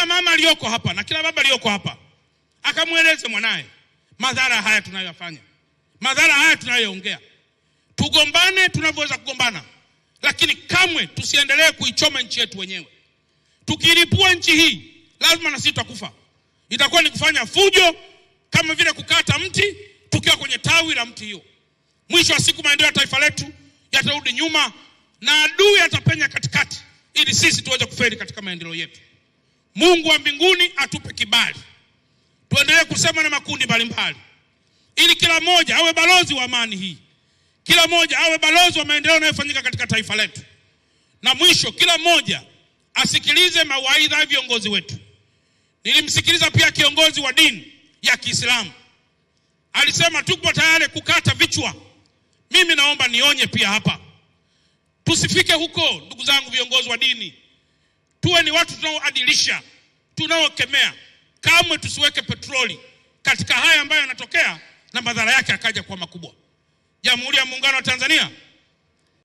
kila mama aliyoko hapa na kila baba aliyoko hapa akamweleze mwanaye madhara haya tunayoyafanya, madhara haya tunayoongea. Tugombane tunavyoweza kugombana, lakini kamwe tusiendelee kuichoma nchi yetu wenyewe. Tukilipua nchi hii, lazima na sisi tutakufa. Itakuwa ni kufanya fujo kama vile kukata mti tukiwa kwenye tawi la mti hiyo. Mwisho wa siku, maendeleo ya taifa letu yatarudi nyuma na adui atapenya katikati, ili sisi tuweze kufeli katika maendeleo yetu. Mungu wa mbinguni atupe kibali tuendelee kusema na makundi mbalimbali, ili kila mmoja awe balozi wa amani hii, kila mmoja awe balozi wa maendeleo yanayofanyika katika taifa letu, na mwisho, kila mmoja asikilize mawaidha ya viongozi wetu. Nilimsikiliza pia kiongozi wa dini ya Kiislamu alisema tuko tayari kukata vichwa. Mimi naomba nionye pia hapa, tusifike huko, ndugu zangu viongozi wa dini. Tuwe ni watu tunaoadilisha, tunaokemea. Kamwe tusiweke petroli katika haya ambayo yanatokea na madhara yake akaja kuwa makubwa. Jamhuri ya Muungano wa Tanzania